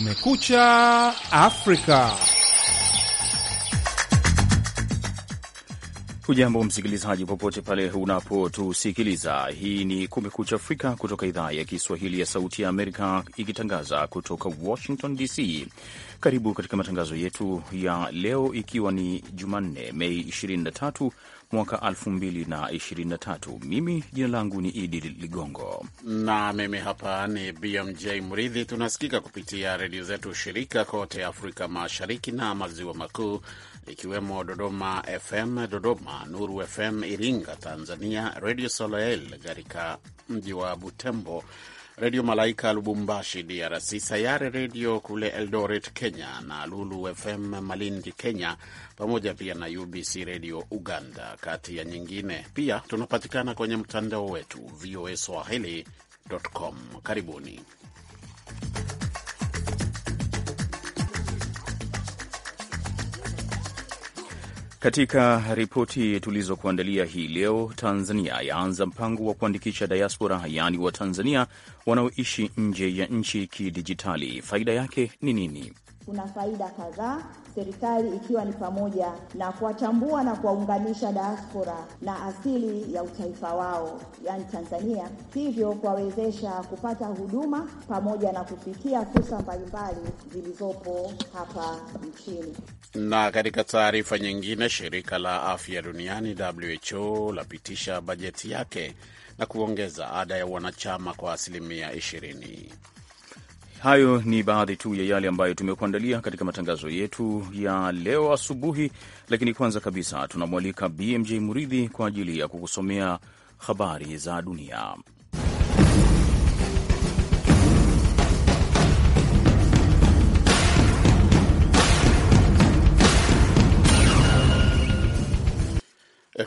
Kumekucha Afrika. Ujambo msikilizaji, popote pale unapotusikiliza. Hii ni Kumekucha Afrika kutoka idhaa ya Kiswahili ya Sauti ya Amerika, ikitangaza kutoka Washington DC. Karibu katika matangazo yetu ya leo, ikiwa ni Jumanne, Mei 23 mwaka 2023. Mimi jina langu ni Idi Ligongo na mimi hapa ni BMJ Mridhi. Tunasikika kupitia redio zetu shirika kote Afrika Mashariki na Maziwa Makuu, ikiwemo Dodoma FM Dodoma, Nuru FM Iringa Tanzania, Redio Soleil katika mji wa Butembo, Redio Malaika Lubumbashi DRC, Sayare Redio kule Eldoret Kenya, na Lulu FM Malindi Kenya, pamoja pia na UBC Redio Uganda, kati ya nyingine. Pia tunapatikana kwenye mtandao wetu VOA Swahili.com. Karibuni. Katika ripoti tulizokuandalia hii leo, Tanzania yaanza mpango wa kuandikisha diaspora, yaani Watanzania wanaoishi nje ya nchi kidijitali. Faida yake ni nini? kuna faida kadhaa, serikali ikiwa ni pamoja na kuwatambua na kuwaunganisha diaspora na asili ya utaifa wao, yani Tanzania, hivyo kuwawezesha kupata huduma pamoja na kufikia fursa mbalimbali zilizopo hapa nchini. Na katika taarifa nyingine, shirika la afya duniani WHO lapitisha bajeti yake na kuongeza ada ya wanachama kwa asilimia 20. Hayo ni baadhi tu ya yale ambayo tumekuandalia katika matangazo yetu ya leo asubuhi, lakini kwanza kabisa tunamwalika BMJ Muridhi kwa ajili ya kukusomea habari za dunia.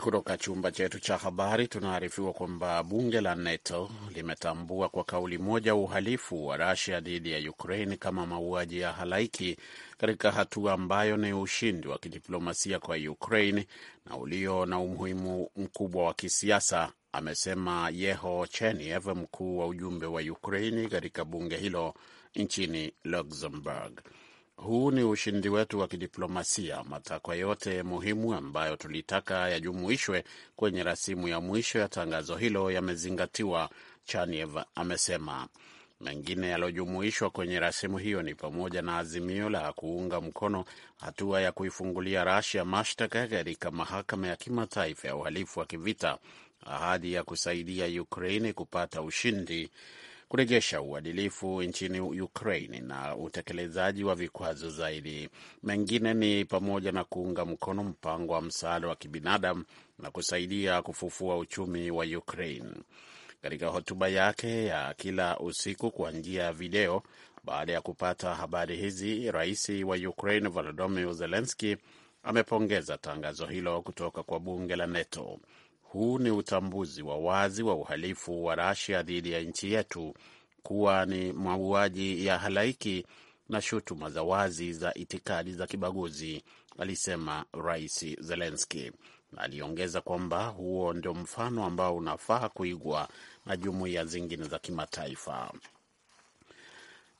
Kutoka chumba chetu cha habari tunaarifiwa kwamba bunge la NATO limetambua kwa kauli moja uhalifu wa rasia dhidi ya Ukraine kama mauaji ya halaiki katika hatua ambayo ni ushindi wa kidiplomasia kwa Ukraine na ulio na umuhimu mkubwa wa kisiasa, amesema Yeho Cheniev, mkuu wa ujumbe wa Ukraine katika bunge hilo nchini Luxembourg huu ni ushindi wetu wa kidiplomasia. Matakwa yote muhimu ambayo tulitaka yajumuishwe kwenye rasimu ya mwisho ya tangazo hilo yamezingatiwa, Chaniev amesema. Mengine yaliyojumuishwa kwenye rasimu hiyo ni pamoja na azimio la kuunga mkono hatua ya kuifungulia Rasia mashtaka katika mahakama ya kimataifa ya uhalifu wa kivita, ahadi ya kusaidia Ukraini kupata ushindi kurejesha uadilifu nchini Ukraine na utekelezaji wa vikwazo zaidi. Mengine ni pamoja na kuunga mkono mpango wa msaada wa kibinadamu na kusaidia kufufua uchumi wa Ukraine. Katika hotuba yake ya kila usiku kwa njia ya video, baada ya kupata habari hizi, rais wa Ukraine Volodymyr Zelensky amepongeza tangazo hilo kutoka kwa bunge la NATO huu ni utambuzi wa wazi wa uhalifu wa Rasia dhidi ya nchi yetu kuwa ni mauaji ya halaiki na shutuma za wazi za itikadi za kibaguzi, alisema Rais Zelenski. Aliongeza kwamba huo ndio mfano ambao unafaa kuigwa na jumuiya zingine za kimataifa.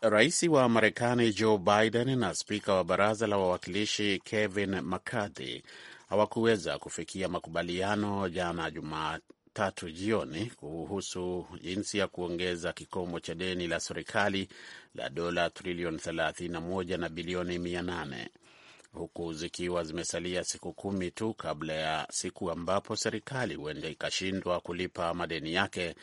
Rais wa Marekani Joe Biden na spika wa baraza la wawakilishi Kevin McCarthy hawakuweza kufikia makubaliano jana Jumatatu jioni kuhusu jinsi ya kuongeza kikomo cha deni la serikali la dola trilioni 31 na bilioni 800 huku zikiwa zimesalia siku kumi tu kabla ya siku ambapo serikali huenda ikashindwa kulipa madeni yake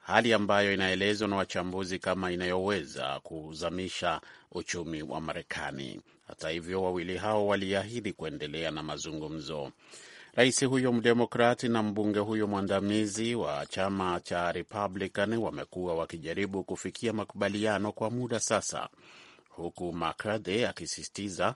hali ambayo inaelezwa na wachambuzi kama inayoweza kuzamisha uchumi wa Marekani. Hata hivyo, wawili hao waliahidi kuendelea na mazungumzo. Rais huyo mdemokrati na mbunge huyo mwandamizi wa chama cha Republican wamekuwa wakijaribu kufikia makubaliano kwa muda sasa, huku McCarthy akisisitiza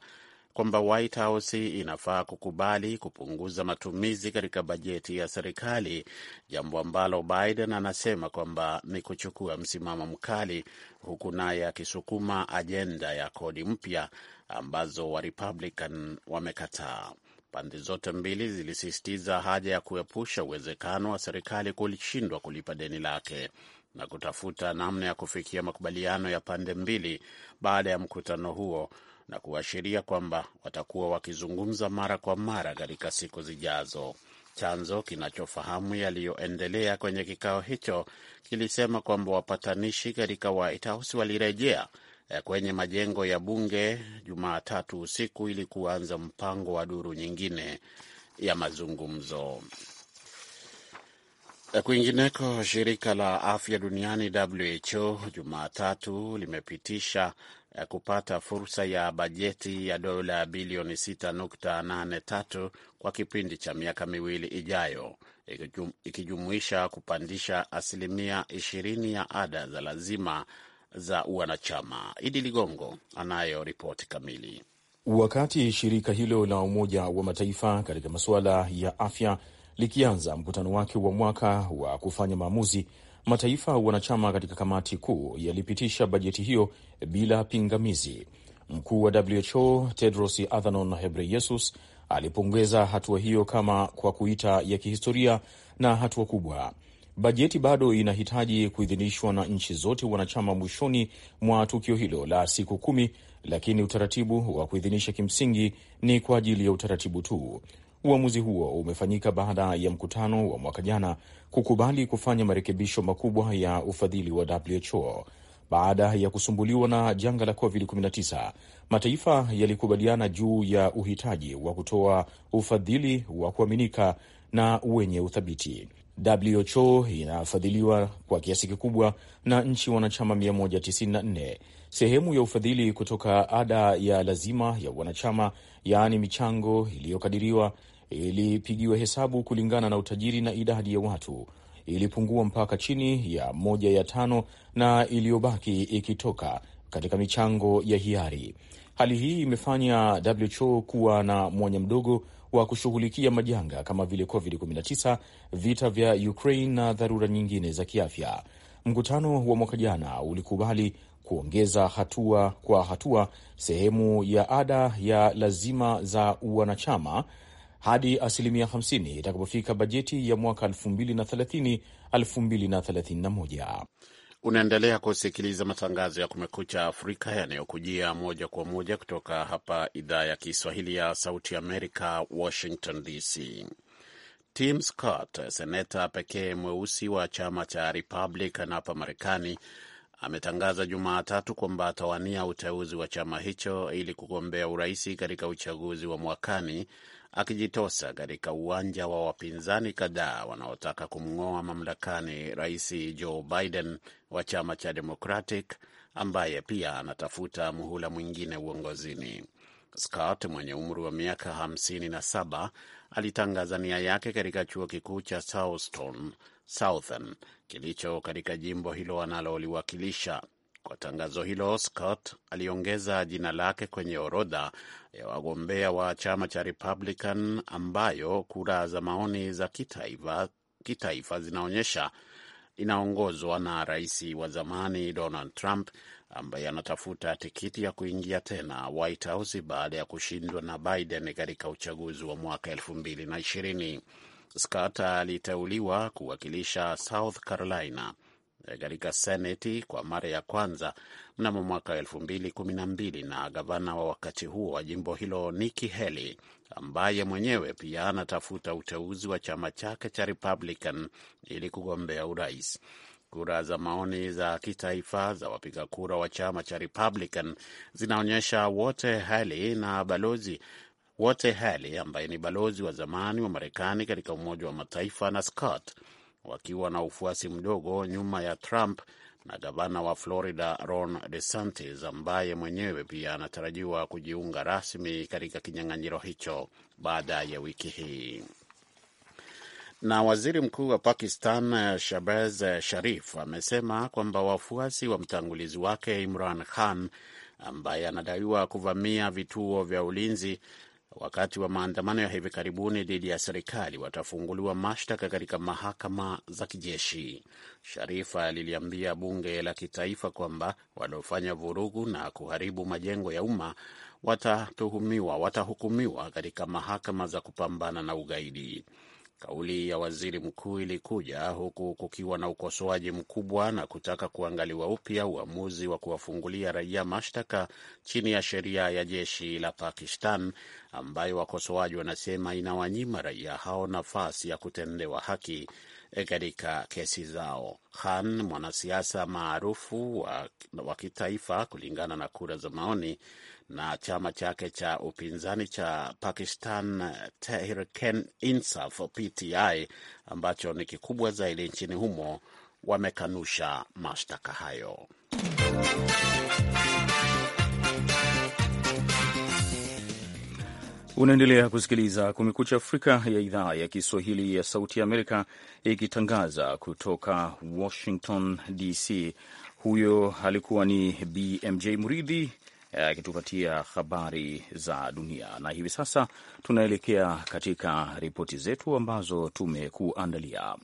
kwamba White House inafaa kukubali kupunguza matumizi katika bajeti ya serikali, jambo ambalo Biden anasema kwamba ni kuchukua msimamo mkali, huku naye akisukuma ajenda ya kodi mpya ambazo Warepublican wamekataa. Pande zote mbili zilisisitiza haja ya kuepusha uwezekano wa serikali kulishindwa kulipa deni lake na kutafuta namna ya kufikia makubaliano ya pande mbili baada ya mkutano huo na kuashiria kwamba watakuwa wakizungumza mara kwa mara katika siku zijazo. Chanzo kinachofahamu yaliyoendelea kwenye kikao hicho kilisema kwamba wapatanishi katika White House walirejea eh, kwenye majengo ya bunge Jumatatu usiku ili kuanza mpango wa duru nyingine ya mazungumzo. Kwingineko, shirika la afya duniani WHO Jumatatu limepitisha eh, kupata fursa ya bajeti ya dola bilioni 6.83 kwa kipindi cha miaka miwili ijayo, ikijumuisha kupandisha asilimia 20 ya ada za lazima za wanachama. Idi Ligongo anayo ripoti kamili. Wakati shirika hilo la Umoja wa Mataifa katika masuala ya afya likianza mkutano wake wa mwaka wa kufanya maamuzi, mataifa wanachama katika kamati kuu yalipitisha bajeti hiyo bila pingamizi. Mkuu wa WHO Tedros Adhanom Ghebreyesus alipongeza hatua hiyo kama kwa kuita ya kihistoria na hatua kubwa. Bajeti bado inahitaji kuidhinishwa na nchi zote wanachama mwishoni mwa tukio hilo la siku kumi, lakini utaratibu wa kuidhinisha kimsingi ni kwa ajili ya utaratibu tu. Uamuzi huo umefanyika baada ya mkutano wa mwaka jana kukubali kufanya marekebisho makubwa ya ufadhili wa WHO baada ya kusumbuliwa na janga la COVID-19. Mataifa yalikubaliana juu ya uhitaji wa kutoa ufadhili wa kuaminika na wenye uthabiti. WHO inafadhiliwa kwa kiasi kikubwa na nchi wanachama 194. Sehemu ya ufadhili kutoka ada ya lazima ya wanachama, yaani michango iliyokadiriwa ilipigiwa hesabu kulingana na utajiri na idadi ya watu, ilipungua mpaka chini ya moja ya tano na iliyobaki ikitoka katika michango ya hiari. Hali hii imefanya WHO kuwa na mwanya mdogo wa kushughulikia majanga kama vile COVID-19, vita vya Ukraine na dharura nyingine za kiafya. Mkutano wa mwaka jana ulikubali kuongeza hatua kwa hatua sehemu ya ada ya lazima za wanachama hadi asilimia 50 itakapofika bajeti ya mwaka 2030 2031. Unaendelea kusikiliza matangazo ya Kumekucha Afrika yanayokujia moja kwa moja kutoka hapa idhaa ya Kiswahili ya Sauti Amerika, Washington DC. Tim Scott, seneta pekee mweusi wa chama cha Republican hapa Marekani, ametangaza Jumatatu kwamba atawania uteuzi wa chama hicho ili kugombea uraisi katika uchaguzi wa mwakani akijitosa katika uwanja wa wapinzani kadhaa wanaotaka kumng'oa mamlakani Rais Joe Biden wa chama cha Democratic ambaye pia anatafuta muhula mwingine uongozini. Scott mwenye umri wa miaka 57 alitangaza nia yake katika chuo kikuu cha Southern kilicho katika jimbo hilo analoliwakilisha. Kwa tangazo hilo, Scott aliongeza jina lake kwenye orodha ya wagombea wa chama cha Republican ambayo kura za maoni za kitaifa kitaifa zinaonyesha inaongozwa na rais wa zamani Donald Trump ambaye anatafuta tikiti ya kuingia tena White House baada ya kushindwa na Biden katika uchaguzi wa mwaka elfu mbili na ishirini. Scott aliteuliwa kuwakilisha South Carolina Eh, katika seneti kwa mara ya kwanza mnamo mwaka elfu mbili kumi na mbili na gavana wa wakati huo wa jimbo hilo Nikki Haley ambaye mwenyewe pia anatafuta uteuzi wa chama chake cha Republican ili kugombea urais. Kura za maoni za kitaifa za wapiga kura wa chama cha Republican zinaonyesha wote Haley na balozi wote Haley ambaye ni balozi wa zamani wa Marekani katika Umoja wa Mataifa na Scott wakiwa na ufuasi mdogo nyuma ya Trump na gavana wa Florida Ron DeSantis ambaye mwenyewe pia anatarajiwa kujiunga rasmi katika kinyang'anyiro hicho baada ya wiki hii. Na waziri mkuu wa Pakistan shabaz Sharif amesema kwamba wafuasi wa mtangulizi wake Imran Khan ambaye anadaiwa kuvamia vituo vya ulinzi wakati wa maandamano ya hivi karibuni dhidi ya serikali watafunguliwa mashtaka katika mahakama za kijeshi. Sharifa liliambia bunge la kitaifa kwamba waliofanya vurugu na kuharibu majengo ya umma watatuhumiwa, watahukumiwa katika mahakama za kupambana na ugaidi. Kauli ya waziri mkuu ilikuja huku kukiwa na ukosoaji mkubwa na kutaka kuangaliwa upya uamuzi wa kuwafungulia raia mashtaka chini ya sheria ya jeshi la Pakistan ambayo wakosoaji wanasema inawanyima raia hao nafasi ya kutendewa haki E, katika kesi zao. Khan, mwanasiasa maarufu wa, wa kitaifa kulingana na kura za maoni na chama chake cha upinzani cha Pakistan Tehreek Insaf PTI ambacho ni kikubwa zaidi nchini humo, wamekanusha mashtaka hayo. Unaendelea kusikiliza Kumekucha Afrika ya idhaa ya Kiswahili ya Sauti ya Amerika ikitangaza kutoka Washington DC. Huyo alikuwa ni BMJ Muridhi akitupatia habari za dunia, na hivi sasa tunaelekea katika ripoti zetu ambazo tumekuandalia.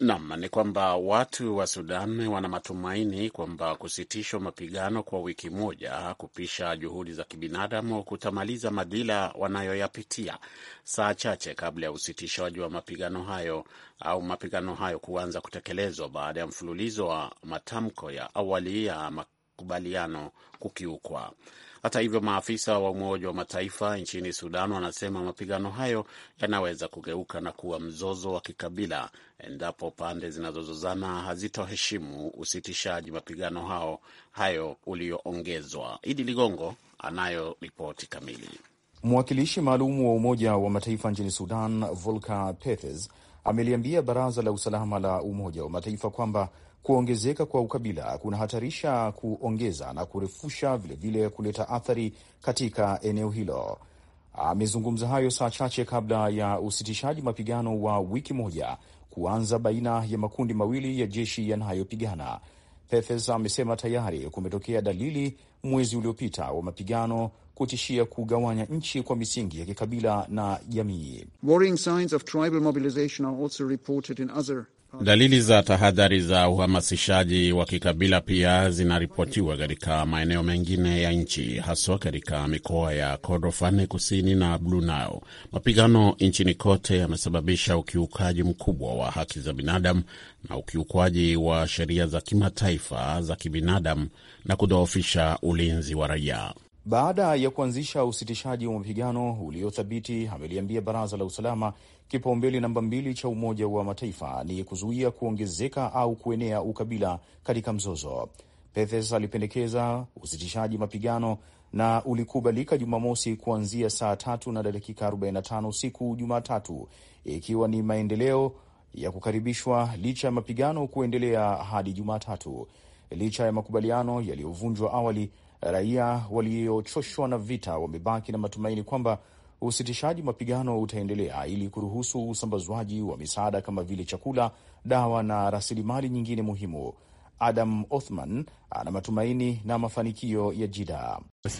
Naam, ni kwamba watu wa Sudan wana matumaini kwamba kusitishwa mapigano kwa wiki moja kupisha juhudi za kibinadamu kutamaliza madhila wanayoyapitia saa chache kabla ya usitishaji wa mapigano hayo au mapigano hayo kuanza kutekelezwa baada ya mfululizo wa matamko ya awali ya makubaliano kukiukwa. Hata hivyo, maafisa wa Umoja wa Mataifa nchini Sudan wanasema mapigano hayo yanaweza kugeuka na kuwa mzozo wa kikabila endapo pande zinazozozana hazitoheshimu usitishaji mapigano hao hayo ulioongezwa. Idi Ligongo anayo ripoti kamili. Mwakilishi maalum wa Umoja wa Mataifa nchini Sudan, Volker Perthes, ameliambia Baraza la Usalama la Umoja wa Mataifa kwamba Kuongezeka kwa ukabila kunahatarisha kuongeza na kurefusha vilevile vile kuleta athari katika eneo hilo. Amezungumza hayo saa chache kabla ya usitishaji mapigano wa wiki moja kuanza baina ya makundi mawili ya jeshi yanayopigana. Pefes amesema tayari kumetokea dalili mwezi uliopita wa mapigano kutishia kugawanya nchi kwa misingi ya kikabila na jamii. signs of tribal mobilization are also reported in other Dalili za tahadhari za uhamasishaji wa kikabila pia zinaripotiwa katika maeneo mengine ya nchi, haswa katika mikoa ya Kordofan kusini na Blunau. Mapigano nchini kote yamesababisha ukiukaji mkubwa wa haki za binadamu na ukiukwaji wa sheria za kimataifa za kibinadamu na kudhoofisha ulinzi wa raia baada ya kuanzisha usitishaji wa mapigano uliothabiti, ameliambia baraza la usalama kipaumbele namba mbili cha Umoja wa Mataifa ni kuzuia kuongezeka au kuenea ukabila katika mzozo. Pethes alipendekeza usitishaji mapigano na ulikubalika Jumamosi kuanzia saa tatu na dakika 45 usiku Jumatatu, ikiwa ni maendeleo ya kukaribishwa licha ya mapigano kuendelea hadi Jumatatu. Licha ya makubaliano yaliyovunjwa awali, Raia waliochoshwa na vita wamebaki na matumaini kwamba usitishaji mapigano utaendelea ili kuruhusu usambazwaji wa misaada kama vile chakula, dawa na rasilimali nyingine muhimu. Adam Othman ana matumaini na mafanikio ya Jida. Uh,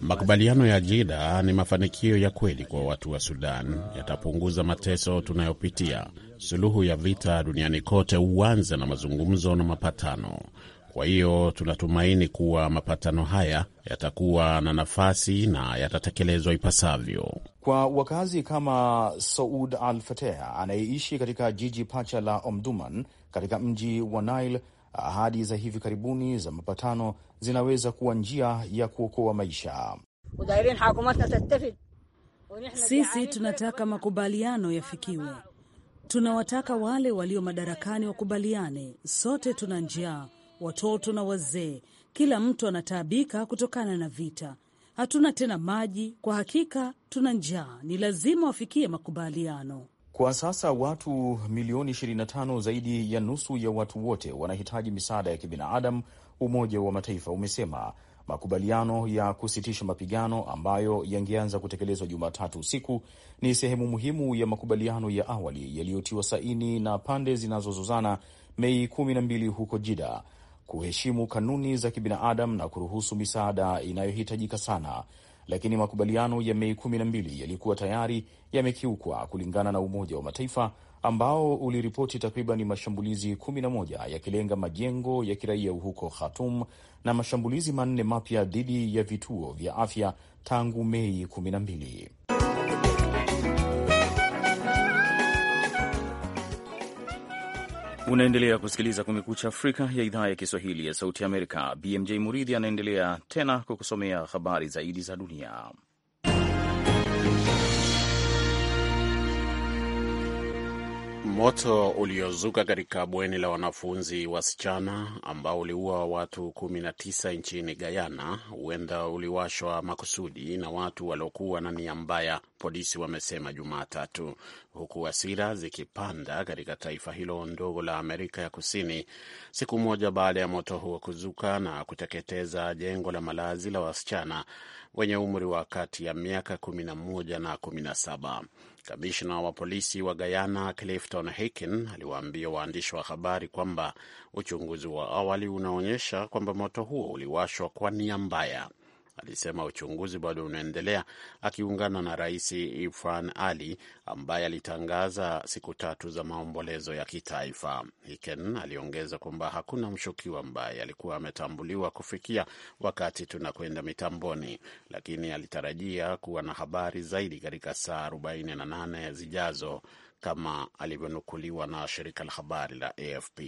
Makubaliano ya Jida ni mafanikio ya kweli kwa watu wa Sudan, yatapunguza mateso tunayopitia. Suluhu ya vita duniani kote huanza na mazungumzo na mapatano. Kwa hiyo tunatumaini kuwa mapatano haya yatakuwa na nafasi na yatatekelezwa ipasavyo. Kwa wakazi kama Saud Al Fateha anayeishi katika jiji pacha la Omduman katika mji wa Nile, ahadi za hivi karibuni za mapatano zinaweza kuwa njia ya kuokoa maisha. Sisi tunataka makubaliano yafikiwe. Tunawataka wale walio madarakani wakubaliane. Sote tuna njaa, watoto na wazee, kila mtu anataabika kutokana na vita. Hatuna tena maji, kwa hakika tuna njaa. Ni lazima wafikie makubaliano. Kwa sasa watu milioni 25, zaidi ya nusu ya watu wote, wanahitaji misaada ya kibinadamu Umoja wa Mataifa umesema makubaliano ya kusitisha mapigano ambayo yangeanza kutekelezwa Jumatatu usiku ni sehemu muhimu ya makubaliano ya awali yaliyotiwa saini na pande zinazozozana Mei kumi na mbili huko Jida kuheshimu kanuni za kibinadamu na kuruhusu misaada inayohitajika sana, lakini makubaliano ya Mei kumi na mbili yalikuwa tayari yamekiukwa kulingana na Umoja wa Mataifa ambao uliripoti takriban mashambulizi 11 yakilenga majengo ya kiraia huko Khartoum na mashambulizi manne mapya dhidi ya vituo vya afya tangu Mei 12 Unaendelea kusikiliza Kumekucha Afrika ya idhaa ya Kiswahili ya Sauti Amerika. BMJ Muridhi anaendelea tena kukusomea habari zaidi za dunia. Moto uliozuka katika bweni la wanafunzi wasichana ambao uliua watu 19 nchini Guyana huenda uliwashwa makusudi na watu waliokuwa na nia mbaya, polisi wamesema Jumatatu, huku hasira zikipanda katika taifa hilo ndogo la Amerika ya Kusini siku moja baada ya moto huo kuzuka na kuteketeza jengo la malazi la wasichana wenye umri wa kati ya miaka 11 na 17. Kamishna wa polisi wa Guyana Clifton Hicken aliwaambia waandishi wa habari kwamba uchunguzi wa awali unaonyesha kwamba moto huo uliwashwa kwa nia mbaya alisema uchunguzi bado unaendelea, akiungana na Rais Ifan Ali ambaye alitangaza siku tatu za maombolezo ya kitaifa. Hiken aliongeza kwamba hakuna mshukiwa ambaye alikuwa ametambuliwa kufikia wakati tunakwenda mitamboni, lakini alitarajia kuwa na habari zaidi katika saa 48 zijazo kama alivyonukuliwa na shirika la habari la AFP.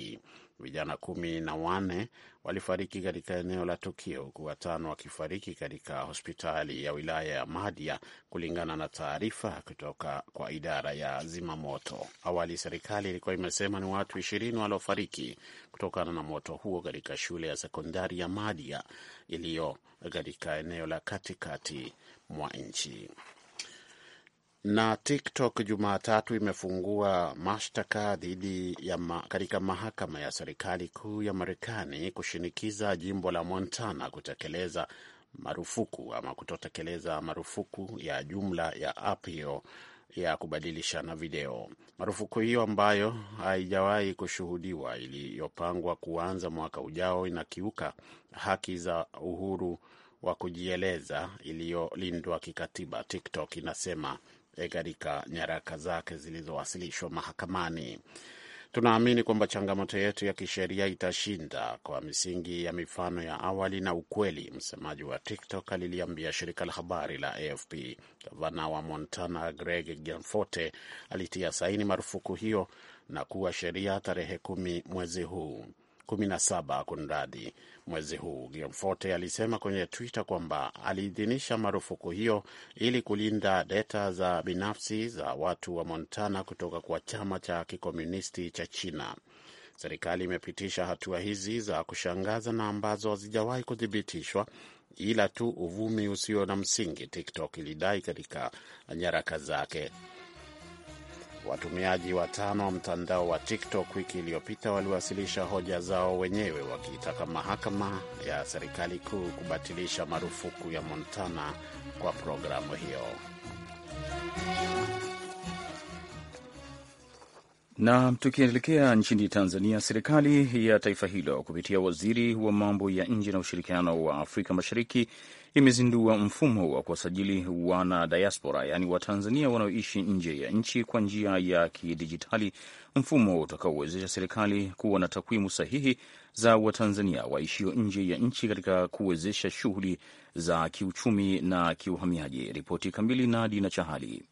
Vijana kumi na wanne walifariki katika eneo la tukio, huku watano wakifariki katika hospitali ya wilaya ya Madia, kulingana na taarifa kutoka kwa idara ya zimamoto. Awali serikali ilikuwa imesema ni watu ishirini waliofariki kutokana na moto huo katika shule ya sekondari ya Madia iliyo katika eneo la katikati mwa nchi. Na TikTok Jumatatu imefungua mashtaka dhidi ya ma, katika mahakama ya serikali kuu ya Marekani kushinikiza jimbo la Montana kutekeleza marufuku ama kutotekeleza marufuku ya jumla ya app hiyo ya kubadilishana video. Marufuku hiyo ambayo haijawahi kushuhudiwa, iliyopangwa kuanza mwaka ujao, inakiuka haki za uhuru wa kujieleza iliyolindwa kikatiba, TikTok inasema. Eh, katika nyaraka zake zilizowasilishwa mahakamani. Tunaamini kwamba changamoto yetu ya kisheria itashinda kwa misingi ya mifano ya awali na ukweli, msemaji wa TikTok aliliambia shirika la habari la AFP. Gavana wa Montana Greg Gianforte alitia saini marufuku hiyo na kuwa sheria tarehe kumi mwezi huu. 17 kunradi mwezi huu. Guillaume alisema kwenye Twitter kwamba aliidhinisha marufuku hiyo ili kulinda data za binafsi za watu wa Montana kutoka kwa chama cha kikomunisti cha China. Serikali imepitisha hatua hizi za kushangaza na ambazo hazijawahi kuthibitishwa ila tu uvumi usio na msingi, TikTok ilidai katika nyaraka zake. Watumiaji watano wa mtandao wa TikTok wiki iliyopita waliwasilisha hoja zao wenyewe wakiitaka mahakama ya serikali kuu kubatilisha marufuku ya Montana kwa programu hiyo. Na tukielekea nchini Tanzania, serikali ya taifa hilo kupitia waziri wa mambo ya nje na ushirikiano wa Afrika Mashariki imezindua mfumo wa kuwasajili wana diaspora, yaani Watanzania wanaoishi nje ya nchi kwa njia ya kidijitali, mfumo utakaowezesha serikali kuwa na takwimu sahihi za Watanzania waishio nje ya nchi katika kuwezesha shughuli za kiuchumi na kiuhamiaji. Ripoti kamili na Dina Chahali.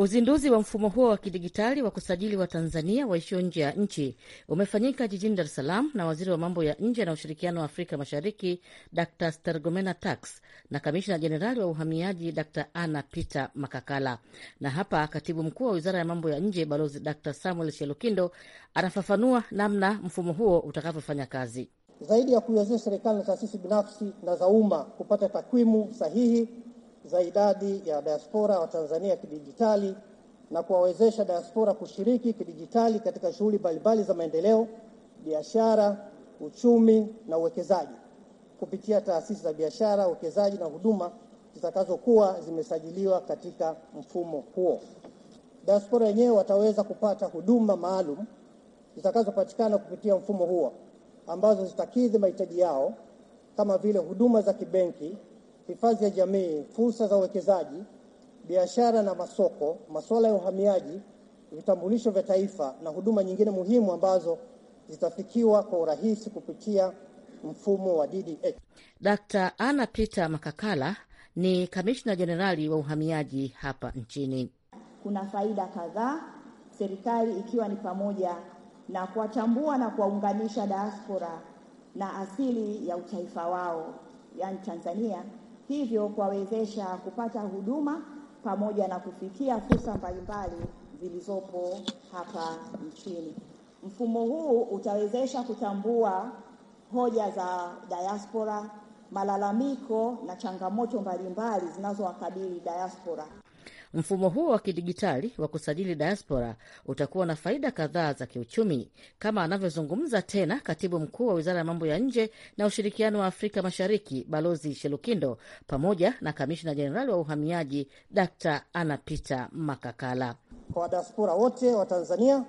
Uzinduzi wa mfumo huo wa kidigitali wa kusajili wa Tanzania waishio nje ya nchi umefanyika jijini Dar es Salaam na waziri wa mambo ya nje na ushirikiano wa Afrika Mashariki Dr Stergomena Tax na kamishina jenerali wa uhamiaji Dr Anna Peter Makakala. Na hapa katibu mkuu wa wizara ya mambo ya nje Balozi Dr Samuel Shelukindo anafafanua namna mfumo huo utakavyofanya kazi zaidi ya kuiwezesha serikali na taasisi binafsi na za umma kupata takwimu sahihi za idadi ya diaspora wa Tanzania kidijitali na kuwawezesha diaspora kushiriki kidijitali katika shughuli mbalimbali za maendeleo, biashara, uchumi na uwekezaji kupitia taasisi za biashara, uwekezaji na huduma zitakazokuwa zimesajiliwa katika mfumo huo. Diaspora wenyewe wataweza kupata huduma maalum zitakazopatikana kupitia mfumo huo ambazo zitakidhi mahitaji yao kama vile huduma za kibenki, hifadhi ya jamii, fursa za uwekezaji, biashara na masoko, masuala ya uhamiaji, vitambulisho vya taifa na huduma nyingine muhimu ambazo zitafikiwa kwa urahisi kupitia mfumo wa DDH. d Anna Peter Makakala ni kamishna jenerali wa uhamiaji hapa nchini. Kuna faida kadhaa serikali, ikiwa ni pamoja na kuwatambua na kuwaunganisha diaspora na asili ya utaifa wao, yaani Tanzania hivyo kuwawezesha kupata huduma pamoja na kufikia fursa mbalimbali zilizopo hapa nchini. Mfumo huu utawezesha kutambua hoja za diaspora, malalamiko na changamoto mbalimbali zinazowakabili diaspora. Mfumo huo wa kidijitali wa kusajili diaspora utakuwa na faida kadhaa za kiuchumi, kama anavyozungumza tena katibu mkuu wa wizara ya mambo ya nje na ushirikiano wa Afrika Mashariki, Balozi Shelukindo, pamoja na kamishna jenerali wa uhamiaji Dr Anna Peter Makakala. Kwa wadiaspora wote wa Tanzania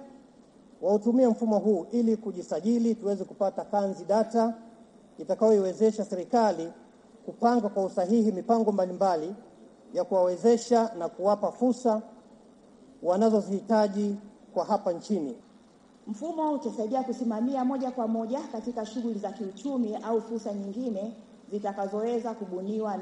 wautumie mfumo huu ili kujisajili, tuweze kupata kanzi data itakayoiwezesha serikali kupanga kwa usahihi mipango mbalimbali mbali ya kuwawezesha na kuwapa fursa wanazozihitaji kwa hapa nchini. Mfumo utasaidia kusimamia moja kwa moja katika shughuli za kiuchumi au fursa nyingine zitakazoweza kubuniwa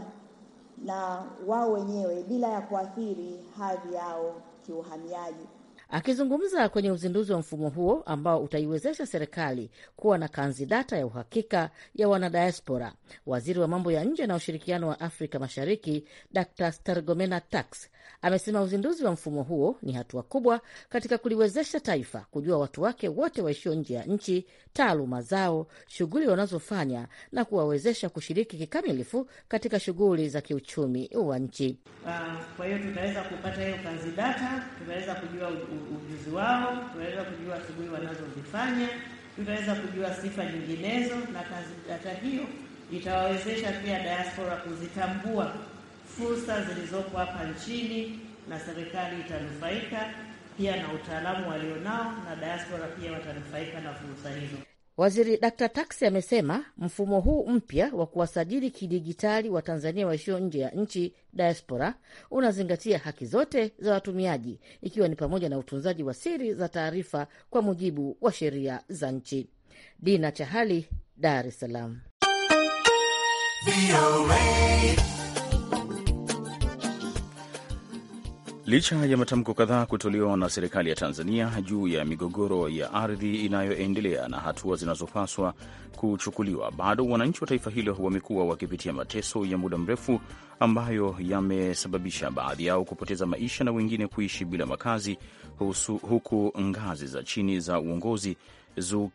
na wao wenyewe bila ya kuathiri hadhi yao kiuhamiaji. Akizungumza kwenye uzinduzi wa mfumo huo ambao utaiwezesha serikali kuwa na kanzi data ya uhakika ya wanadiaspora, waziri wa mambo ya nje na ushirikiano wa Afrika Mashariki Dr Stergomena Tax Amesema uzinduzi wa mfumo huo ni hatua kubwa katika kuliwezesha taifa kujua watu wake wote waishio nje ya nchi, taaluma zao, shughuli wanazofanya na kuwawezesha kushiriki kikamilifu katika shughuli za kiuchumi wa nchi. Ah, kwa hiyo tutaweza kupata hiyo kazi data, tutaweza kujua ujuzi wao, tutaweza kujua shughuli wanazozifanya, tutaweza kujua sifa nyinginezo, na kazi data hiyo itawawezesha pia diaspora kuzitambua fursa zilizopo hapa nchini na serikali itanufaika pia na utaalamu walionao na diaspora pia watanufaika na fursa hizo. Waziri Dkt. taxi amesema mfumo huu mpya wa kuwasajili kidijitali wa Tanzania waishio nje ya nchi diaspora unazingatia haki zote za watumiaji ikiwa ni pamoja na utunzaji wa siri za taarifa kwa mujibu wa sheria za nchi. Dina Chahali, Dar es Salaam. Licha ya matamko kadhaa kutolewa na serikali ya Tanzania juu ya migogoro ya ardhi inayoendelea na hatua zinazopaswa kuchukuliwa, bado wananchi wa taifa hilo wamekuwa wakipitia mateso ya muda mrefu ambayo yamesababisha baadhi yao kupoteza maisha na wengine kuishi bila makazi husu, huku ngazi za chini za uongozi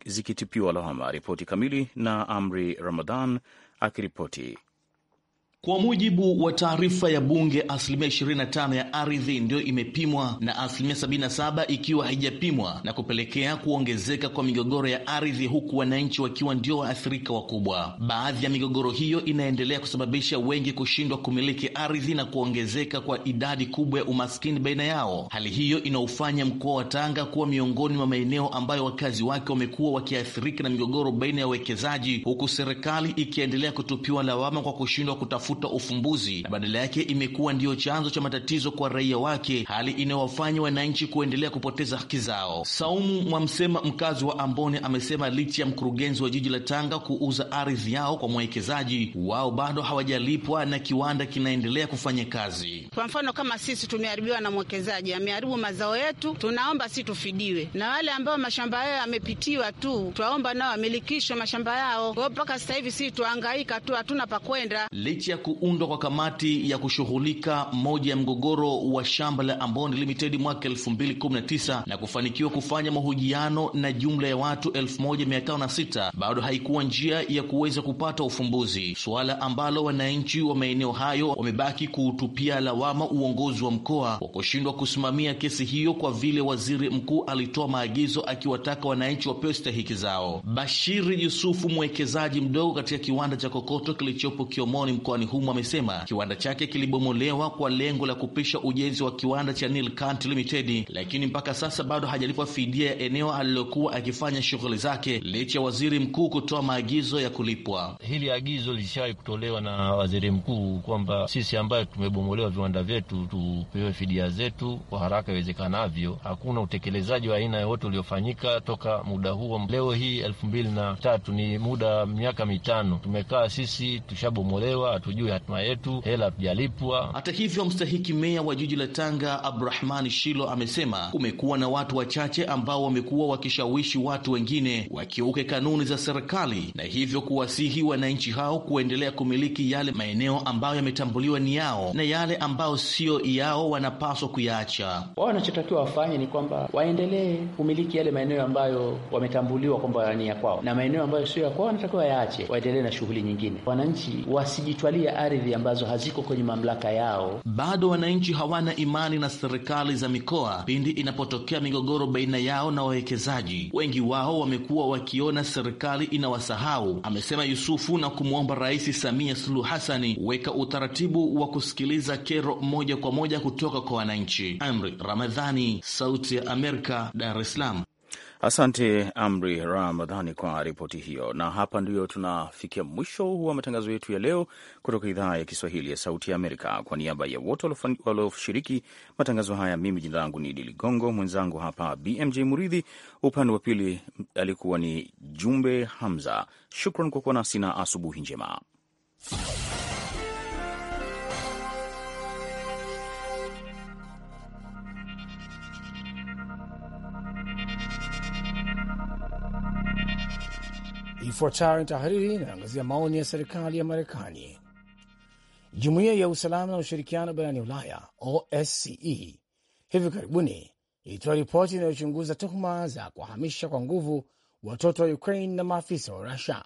zikitipiwa lawama. Ripoti kamili na Amri Ramadhan akiripoti kwa mujibu wa taarifa ya Bunge, asilimia 25 ya ardhi ndiyo imepimwa na asilimia 77 ikiwa haijapimwa na kupelekea kuongezeka kwa migogoro ya ardhi, huku wananchi wakiwa ndio waathirika wakubwa. Baadhi ya migogoro hiyo inaendelea kusababisha wengi kushindwa kumiliki ardhi na kuongezeka kwa idadi kubwa ya umaskini baina yao. Hali hiyo inaofanya mkoa wa Tanga kuwa miongoni mwa maeneo ambayo wakazi wake wamekuwa wakiathirika na migogoro baina ya wawekezaji, huku serikali ikiendelea kutupiwa lawama kwa kushindwa kutafuta kutafuta ufumbuzi na badala yake imekuwa ndiyo chanzo cha matatizo kwa raia wake, hali inayowafanya wananchi kuendelea kupoteza haki zao. Saumu Mwamsema, mkazi wa Amboni, amesema licha ya mkurugenzi wa jiji la Tanga kuuza ardhi yao kwa mwekezaji wao, bado hawajalipwa na kiwanda kinaendelea kufanya kazi. Kwa mfano kama sisi tumeharibiwa na mwekezaji, ameharibu mazao yetu, tunaomba si tufidiwe, na wale ambao mashamba yao yamepitiwa tu, twaomba nao wamilikishwe mashamba yao kwao. Mpaka sasa hivi si tuangaika tu, hatuna pakwenda licha kuundwa kwa kamati ya kushughulika moja ya mgogoro wa shamba la Amboni Limited mwaka 2019 na kufanikiwa kufanya mahojiano na jumla ya watu 1506 bado haikuwa njia ya kuweza kupata ufumbuzi, suala ambalo wananchi wa maeneo hayo wamebaki kuutupia lawama uongozi wa mkoa wa kushindwa kusimamia kesi hiyo, kwa vile waziri mkuu alitoa maagizo akiwataka wananchi wapewe stahiki zao. Bashiri Yusufu, mwekezaji mdogo katika kiwanda cha kokoto kilichopo Kiomoni mkoani humo amesema kiwanda chake kilibomolewa kwa lengo la kupisha ujenzi wa kiwanda cha Nil Kant Limited, lakini mpaka sasa bado hajalipwa fidia ya eneo alilokuwa akifanya shughuli zake licha ya waziri mkuu kutoa maagizo ya kulipwa. Hili agizo lilishawahi kutolewa na waziri mkuu kwamba sisi ambayo tumebomolewa viwanda vyetu tupewe fidia zetu kwa haraka iwezekanavyo. Hakuna utekelezaji wa aina yoyote uliofanyika toka muda huo. Leo hii elfu mbili na tatu ni muda miaka mitano tumekaa sisi, tushabomolewa hatujui juu ya hatima yetu, hela hatujalipwa. Hata hivyo, mstahiki meya wa jiji la Tanga Abdurahmani Shilo amesema kumekuwa na watu wachache ambao wamekuwa wakishawishi watu wengine wakiuke kanuni za serikali na hivyo kuwasihi wananchi hao kuendelea kumiliki yale maeneo ambayo yametambuliwa ni yao na yale ambayo siyo yao wanapaswa kuyaacha. Wao wanachotakiwa wafanye ni kwamba waendelee kumiliki yale maeneo ambayo wametambuliwa kwamba ni ya kwao, na maeneo ambayo sio ya kwao wanatakiwa yaache, waendelee na shughuli nyingine. Wananchi wasijitwalie ya ardhi ambazo haziko kwenye mamlaka yao. Bado wananchi hawana imani na serikali za mikoa pindi inapotokea migogoro baina yao na wawekezaji. Wengi wao wamekuwa wakiona serikali inawasahau, amesema Yusufu, na kumwomba Rais Samia Suluhu Hasani weka utaratibu wa kusikiliza kero moja kwa moja kutoka kwa wananchi. Amri Ramadhani, Sauti ya Amerika, Dar es Salaam. Asante Amri Ramadhani kwa ripoti hiyo, na hapa ndiyo tunafikia mwisho wa matangazo yetu ya leo kutoka idhaa ya Kiswahili ya Sauti ya Amerika. Kwa niaba ya wote walioshiriki matangazo haya, mimi jina langu ni Idi Ligongo, mwenzangu hapa BMJ Muridhi, upande wa pili alikuwa ni Jumbe Hamza. Shukran kwa kuwa nasi na asubuhi njema. Ifuatayo ni tahariri inayoangazia maoni ya serikali ya Marekani. Jumuiya ya usalama na ushirikiano barani Ulaya, OSCE, hivi karibuni ilitoa ripoti inayochunguza tuhuma za kuwahamisha kwa nguvu watoto wa Ukraine na maafisa wa Rusia.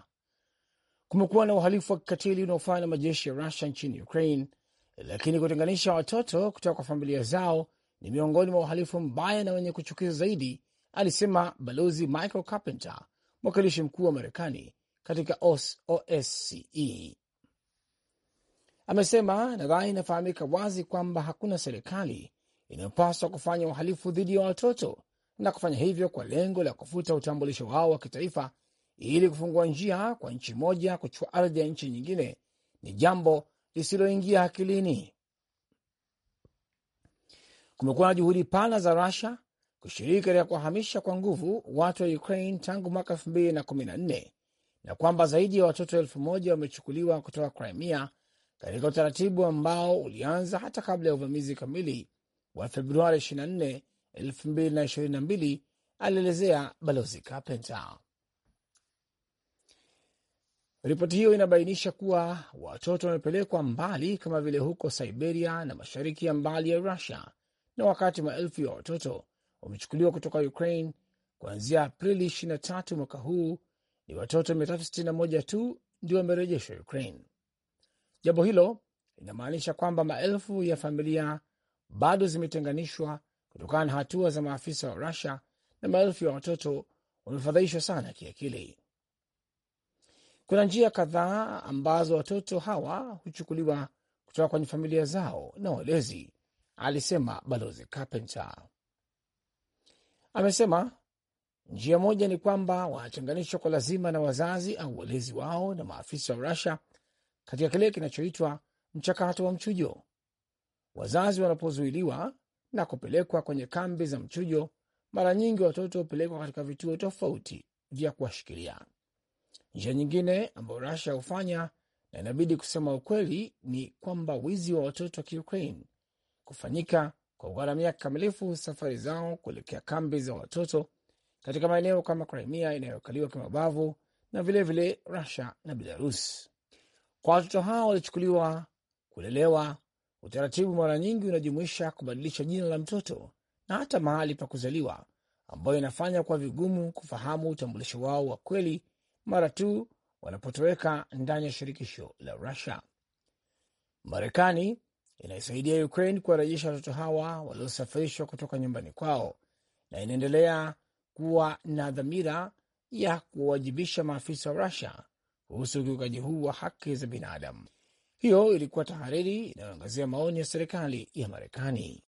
Kumekuwa na uhalifu wa kikatili unaofanywa na majeshi ya Rusia nchini Ukraine, lakini kutenganisha watoto kutoka kwa familia zao ni miongoni mwa uhalifu mbaya na wenye kuchukiza zaidi, alisema Balozi Michael Carpenter mwakilishi mkuu wa Marekani katika OSCE amesema, nadhani inafahamika wazi kwamba hakuna serikali inayopaswa kufanya uhalifu dhidi ya watoto na kufanya hivyo kwa lengo la kufuta utambulisho wao wa kitaifa ili kufungua njia kwa nchi moja kuchukua ardhi ya nchi nyingine ni jambo lisiloingia akilini. Kumekuwa na juhudi pana za rusia kushiriki katika kuhamisha kwa nguvu watu wa Ukraine tangu mwaka 2014 na kwamba zaidi ya watoto elfu moja wamechukuliwa kutoka Crimea katika utaratibu ambao ulianza hata kabla ya uvamizi kamili wa Februari 24, 2022, alielezea Balozi Carpenter. Ripoti hiyo inabainisha kuwa watoto wamepelekwa mbali kama vile huko Siberia na mashariki ya mbali ya Rusia, na wakati maelfu ya watoto wamechukuliwa kutoka Ukraine kuanzia Aprili 23 mwaka huu. Ni watoto 361 tu ndio wamerejeshwa Ukraine. Jambo hilo linamaanisha kwamba maelfu ya familia bado zimetenganishwa kutokana na hatua za maafisa wa Rusia, na maelfu ya watoto wamefadhaishwa sana kiakili. Kuna njia kadhaa ambazo watoto hawa huchukuliwa kutoka kwenye familia zao na walezi, alisema Balozi Carpenter. Amesema njia moja ni kwamba wanatenganishwa kwa lazima na wazazi au walezi wao na maafisa wa rasha katika kile kinachoitwa mchakato wa mchujo. Wazazi wanapozuiliwa na kupelekwa kwenye kambi za mchujo, mara nyingi watoto hupelekwa katika vituo tofauti vya kuwashikilia. Njia nyingine ambayo rasha hufanya na inabidi kusema ukweli ni kwamba wizi wa watoto wa Kiukraine kufanyika kwa kugharamia kikamilifu safari zao kuelekea kambi za watoto katika maeneo kama Crimea inayokaliwa kimabavu na vilevile Rusia na Belarus. Kwa watoto hao walichukuliwa kulelewa, utaratibu mara nyingi unajumuisha kubadilisha jina la mtoto na hata mahali pa kuzaliwa, ambayo inafanya kwa vigumu kufahamu utambulisho wao wa kweli mara tu wanapotoweka ndani ya shirikisho la Rusia. Marekani inayosaidia Ukraine kuwarejesha watoto hawa waliosafirishwa kutoka nyumbani kwao na inaendelea kuwa na dhamira ya kuwawajibisha maafisa wa Rusia kuhusu ukiukaji huu wa haki za binadamu. Hiyo ilikuwa tahariri inayoangazia maoni ya serikali ya Marekani.